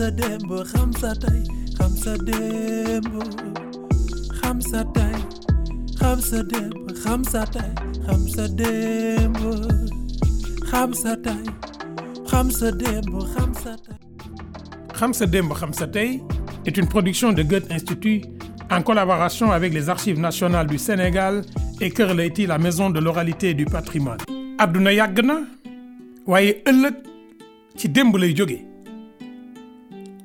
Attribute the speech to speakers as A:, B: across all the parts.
A: sa xam sa tey xam sa tey xam production de Goethe Institut en collaboration avec les Archives nationales du Sénégal et Kër Leyti la maison de l'oralité et du patrimoine. àdduna yàgg na waaye ci démb lay jóge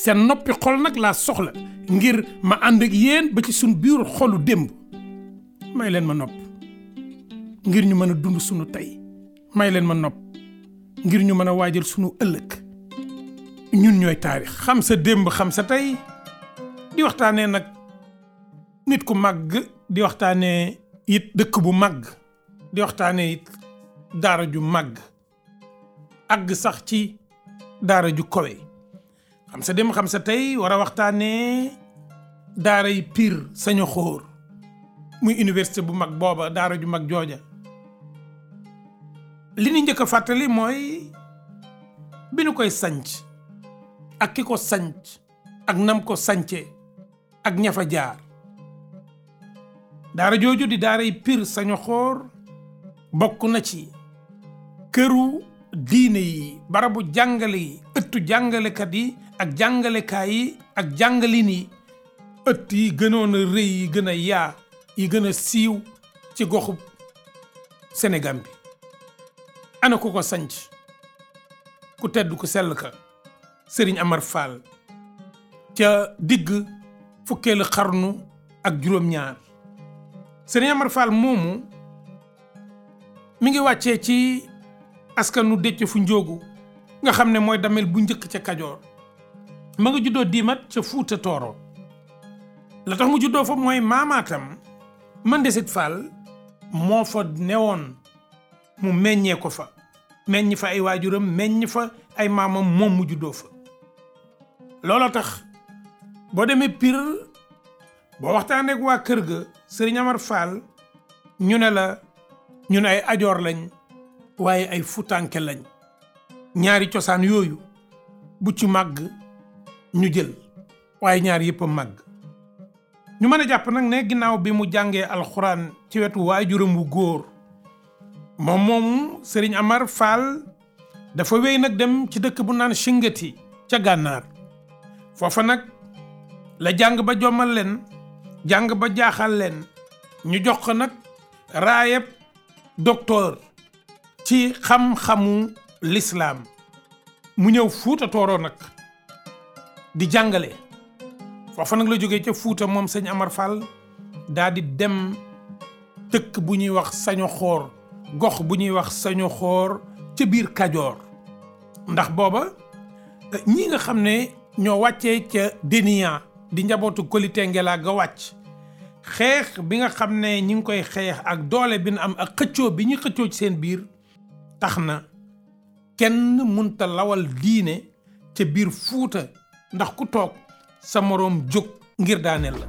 A: seen noppi xol nag laa soxla ngir ma ànd ak yéen ba ci suñ biir xolu démb may leen ma nopp ngir ñu mën a dund sunu tey may leen ma nopp ngir ñu mën a waajal sunu ëllëg ñun ñooy taarix xam sa démb xam sa tey di waxtaanee nag nit ku màgg di waxtaane it dëkk bu màgg di waxtaane it daara ju màgg àgg sax ci daara ju kowe xam sa dem xam sa tey war a waxtaanee daara yi Pire sañu xóor muy université bu mag booba daara ju mag jooja li ñu njëkk a fàttali mooy bi nu koy sañc ak ki ko sañc ak nam ko sance ak ñafa jaar daara jooju di daara yi Pire sañu xóor bokk na ci këru diine yi barabu jàngale yi ëttu jàngalekat yi ak jàngalekaay yi ak jàngalin yi ëtt yi gënoon a rëy yi gën a yaa yi gën a siiw ci goxub Sénégal bi ko sanc ku tedd ku sell ka Serigne Amar ca digg fukkeelu xarnu ak juróom-ñaar Serigne Amar moomu mi ngi wàccee ci askanu dëcc fu njóogu nga xam ne mooy damel bu njëkk ca kajoor ma nga juddoo diimat ca fuuta tooro la tax mu juddoo fa mooy maamaatam man desit faal moo fa newoon mu meññeeko fa meññ fa ay waajuram meññ fa ay maamam moom mu juddoo fa looloo tax boo demee Pir boo waxtaanee ak waa kër ga sëriñ Amar Fall ñu ne la ñun ay ajoor lañ waaye ay futanke lañ ñaari cosaan yooyu bu ci màgg ñu jël waaye ñaar yëpp a màgg ñu mën a jàpp nag ne ginnaaw bi mu jàngee alxuraan ci wetu waajuram wu góor moom moomu Serigne Amar Fall dafa wéy nag dem ci dëkk bu naan Singati ca gànnaar foofa nag la jàng ba jommal leen jàng ba jaaxal leen ñu jox ko nag raayeb docteur ci xam-xamu lislaam mu ñëw fuutatooroo nag di jàngale foofa nag la jógee ca fuuta moom sañ Amar Fall daa dem dëkk bu ñuy wax sañu xoor gox bu ñuy wax sañu xoor ca biir Kajoor ndax booba ñi nga xam ne ñoo wàccee ca Dénia di njabootu Kolité Ngela ga wàcc xeex bi nga xam ne ñi ngi koy xeex ak doole bi nu am ak xëccoo bi ñu xëccoo ci seen biir tax na kenn munta lawal diine ca biir fuuta ndax ku toog sa moroom jóg ngir daaneel la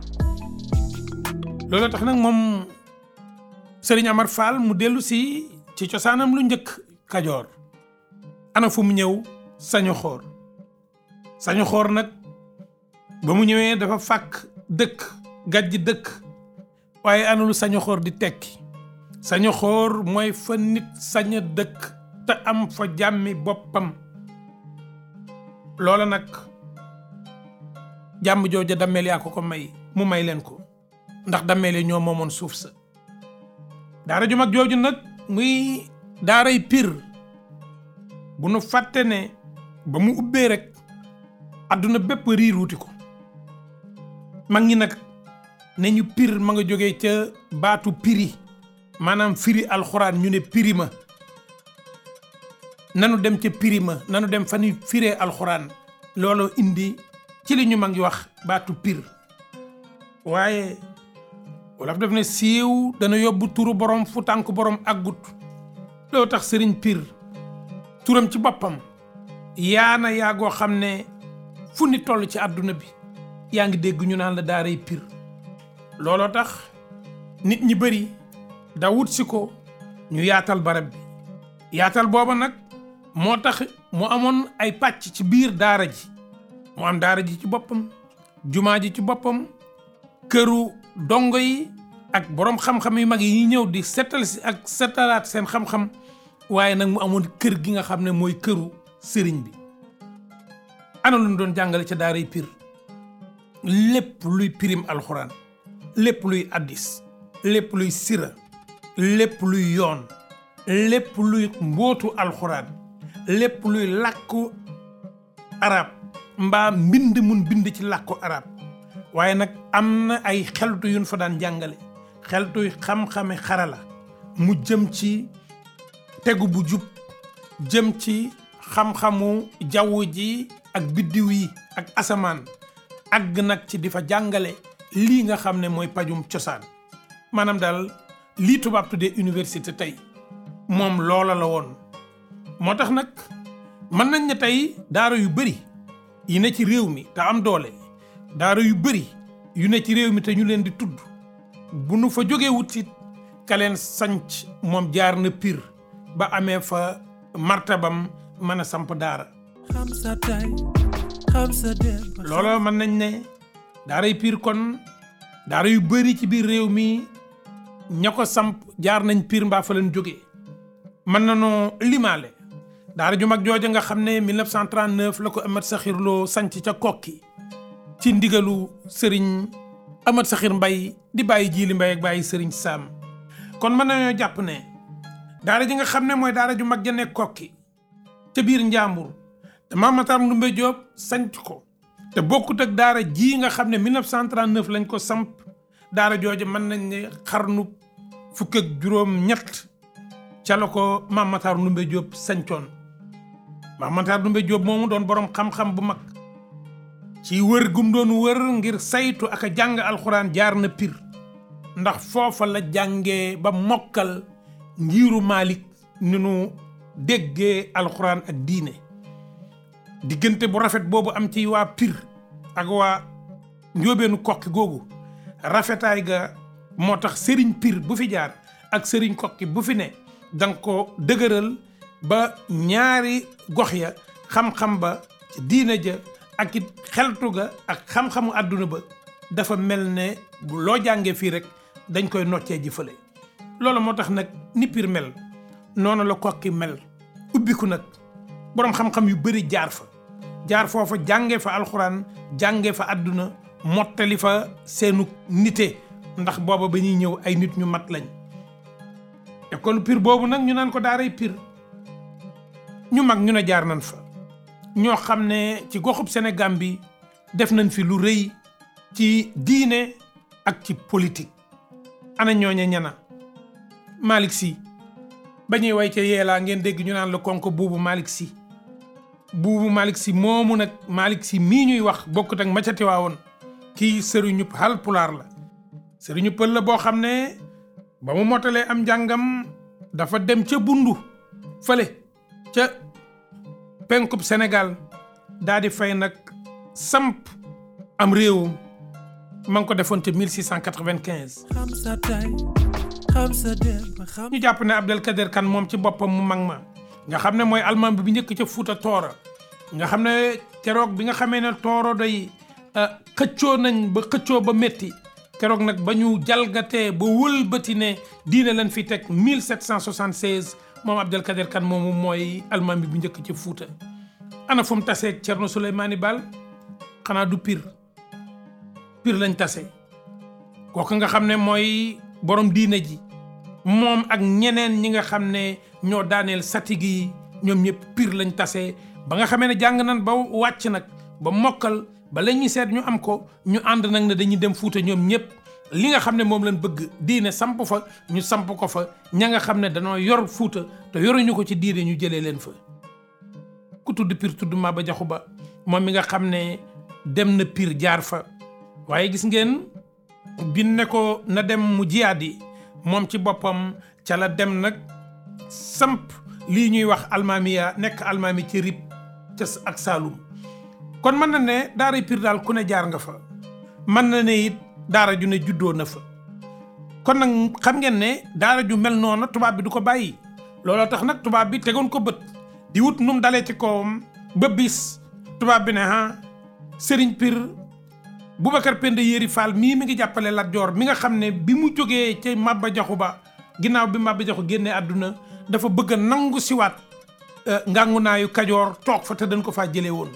A: loolu tax nag moom Serigne Amar Fall mu dellusi ci cosaanam lu njëkk Kajoor ana fu mu ñëw sañu xoor sañu xoor nag ba mu ñëwee dafa fàkk dëkk gàjj dëkk waaye ana sañu xoor di tekki sañu xóor mooy fa nit sañ a dëkk te am fa jàmmi boppam loola nag jàmm jooja dammeel yaa ko ko may mu may leen ko ndax dammeel yi ñoo moomoon suuf sa daara ju mag jooju nag muy daaray piir bu nu fàtte ne ba mu ubbee rek adduna bépp riir ko mag ñi nag ne ñu piir ma nga jógee ca baatu Piri maanaam firi alxuraan ñu ne pirima nanu dem ca ma nanu dem fa ñuy firee alxuraan looloo indi ci li ñu ma ngi wax baatu pir waaye wolof def ne siiw dana yóbbu turu borom fu tànk borom aggut loo tax sëriñ pir turam ci boppam yaa yaana yaagoo xam ne fu ni toll ci àdduna bi yaa ngi dégg ñu naan la daaray pir looloo tax nit ñi bëri da wut si ko ñu yaatal barab bi yaatal booba nag moo tax mu amoon ay pàcc ci biir daara ji mu am daara ji ci boppam jumaa ji ci boppam këru dongo yi ak boroom xam-xam yu mag yi ñëw di setal si ak setalaat seen xam-xam waaye nag mu amoon kër gi nga xam ne mooy këru sëriñ bi ana lu ñu doon jàngale ca daara yi pir lépp luy pirim alxuraan lépp luy addis lépp luy sira lépp luy yoon lépp luy mbootu alxuraan lépp luy làkku arab mbaa mbind mun bind ci làkku arab waaye nag am na ay xeltu yuñ fa daan jàngale xeltuy xam-xame xarala mu jëm ci tegu bu jub jëm ci xam-xamu jaww ji ak biddiw yi ak asamaan àgg nag ci di fa jàngale li nga xam ne mooy pajum cosaan maanaam daal lii tubaab tuddee université tey moom loola la woon moo tax nag mën nañ ne tey daara yu bëri yi ne ci réew mi te am doole daara yu bëri yu ne ci réew mi te ñu leen di tudd bu nu fa jógee wut kaleen sanc moom jaar na piir ba amee fa martabam mën a samp daara loola mën nañ ne daara yi piir kon daara yu bëri ci biir réew mi ña ko samp jaar nañ piir mbaa fa leen jógee na noo limaale daara ju mag jooja nga xam ne 1939 la ko Amath Sakhir sanc ca kokki ci ndigalu sëriñ Amath Sakhir Mbay di bàyyi jiili mbay bàyyi sëriñ Sam kon mën nañoo jàpp ne daara ji nga xam ne mooy daara ju mag ja nekk kokki ca biir njàmbur te Mame Matar Ndoumbe Diop sanc ko te bokkut ak daara ji nga xam ne 1939 lañ ko samp daara jooju mën nañ ne xarnu fukk juróom ñett ca la ko Maam Matar Ndumbe Diop sancoon Maam Matar Ndumbe moomu doon boroom xam-xam bu mag ci wër gum doon wër ngir saytu ak a jàng alxuraan jaar na piir ndax foofa la jàngee ba mokkal ngiiru Malik ni nu déggee alxuraan ak diine diggante bu rafet boobu am ci waa pir ak waa njóobeenu kokki googu rafetaay ga moo tax sëriñ pir bu fi jaar ak sëriñ kokki bu fi ne danga ko dëgëral ba ñaari gox ya xam-xam ba diina ja ak it xeltu ga ak xam-xamu àdduna ba dafa mel ne loo jàngee fii rek dañ koy noccee ji fële loolu moo tax nag ni pir mel noonu la kokki mel ubbiku nag boroom xam-xam yu bëri jaar fa jaar foofa jàngee fa alxuraan jàngee fa àdduna mottali fa seenu nite ndax booba ba ñuy ñëw ay nit ñu mat lañ école piir boobu nag ñu naan ko daaray piir ñu mag ñu ne jaar nañ fa ñoo xam ne ci goxub Sénégal bi def nañ fi lu rëy ci diine ak ci politique ana ñooñe ñana Malick Sy ba ñuy way ca yeelaa ngeen dégg ñu naan la konko buubu malik Sy buubu Malick Sy moomu nag Malick Sy mii ñuy wax bokkut ak ma ca kii sëriñu hal pulaar la sëriñu pël la boo xam ne ba mu motalee am njàngam dafa dem ca bundu fële ca penkub senegal daa di fay nag samp am réewum man ko defoon te 1695. ñu jàpp ne Abdelkader Kan moom ci boppam mu mag ma nga xam ne mooy almaam bi bu njëkk ca Fuuta Tooro nga xam ne keroog bi nga xamee ne Tooro doy Euh, xëccoo nañ ba xëccoo ba métti keroog nag ba ñu jalgatee ba wëlbati ne diina leen fi teg 1776 moom Abdel Kader Kan moomu mooy almaam bi bu njëkk ci Fuuta ana fu tasee taseeg Cerno Souleymane Baal xanaa du piir piir lañ tase kooku nga xam ne mooy borom diine ji moom ak ñeneen ñi nga xam ne ñoo daaneel satigi yi ñoom ñëpp Pire lañ tase ba nga xamee ne jàng nan ba wàcc nag ba mokkal bala ñuy seet ñu am ko ñu ànd nag ne dañuy dem Fuuta ñoom ñëpp li nga xam ne moom lañ bëgg diine samp fa ñu samp ko fa ña nga xam ne danoo yor Fuuta te yoruñu ko ci diine ñu jëlee leen fa. ku tudd Pire tudd Maba Jaxu Ba moom mi nga xam ne dem na piir jaar fa waaye gis ngeen bin ne ko na dem mu jiyaadi moom ci boppam cala dem nag samp lii ñuy wax almaamiya nekk almaami ci rib ca ak Saalum. kon mën na ne daara yi piir daal ku ne jaar nga fa mën na ne it daara ju ne juddoo na fa kon nag xam ngeen ne daara ju mel noonu tubaab bi du ko bàyyi looloo tax nag tubaab bi tegoon ko bët di wut num dalee ci kawam ba bis tubaab bi ne sëriñ ah, Serigne bu Boubacar Penda Yéri Fall mii mi ngi jàppale Lat Joor mi nga xam ne bi mu jógee ca Maba Jaxu Ba ginnaaw bi Maba Jaxu génne àdduna dafa bëgg nangu siwaat eh, ngàngunaayu Kajoor toog fa te dañ ko faa jëlee woon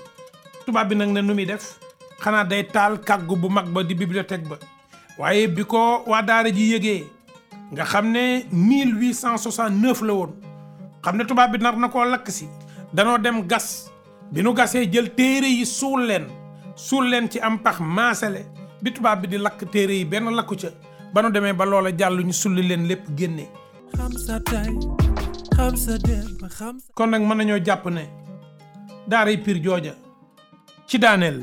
A: tubaab bi nag ne nu muy def xanaa day taal kàggu bu mag ba di bibliothèque ba waaye bi ko waa daara ji yëgee nga xam ne 1869 la woon xam ne tubaab bi nar na koo lakk si danoo dem gas bi nu gasee jël téere yi suul leen suul leen ci am pax maasale bi tubaab bi di lakk téere yi benn lakku ca ba nu demee ba loola jàll ñu sulli leen lépp génne kon nag mën nañoo jàpp ne daaray Pire jooja ci daaneel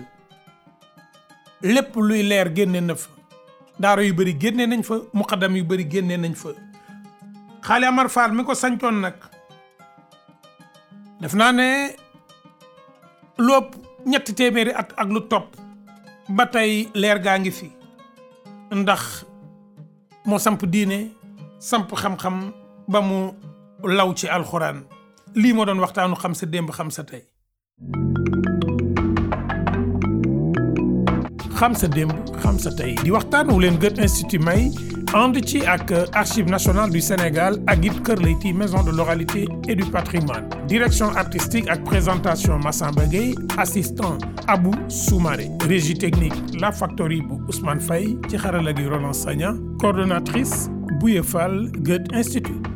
A: lépp luy leer génne na fa daara yu bari génne nañ fa muqaddam yu bëri génne nañ fa xaali Amar Fall mi ko sancoon nag def naa ne loop ñetti téeméeri at ak lu topp ba tey leer gaa ngi fi ndax moo samp diine samp xam-xam ba mu law ci alxuraan lii moo doon waxtaanu xam sa démb xam sa tey xam sa démb xam sa tey di waxtaan wu leen Goethe Institut may ànd ci ak Archives nationales du Sénégal ak it Kër Leyti maison de l'oralité et du patrimoine direction artistique ak présentation massan Gueye assistant abu Soumaré régie technique La Factory bu Ousmane Faye ci xarala gi Roland Sagna coordonnatrice Bouye Fall Goethe Institut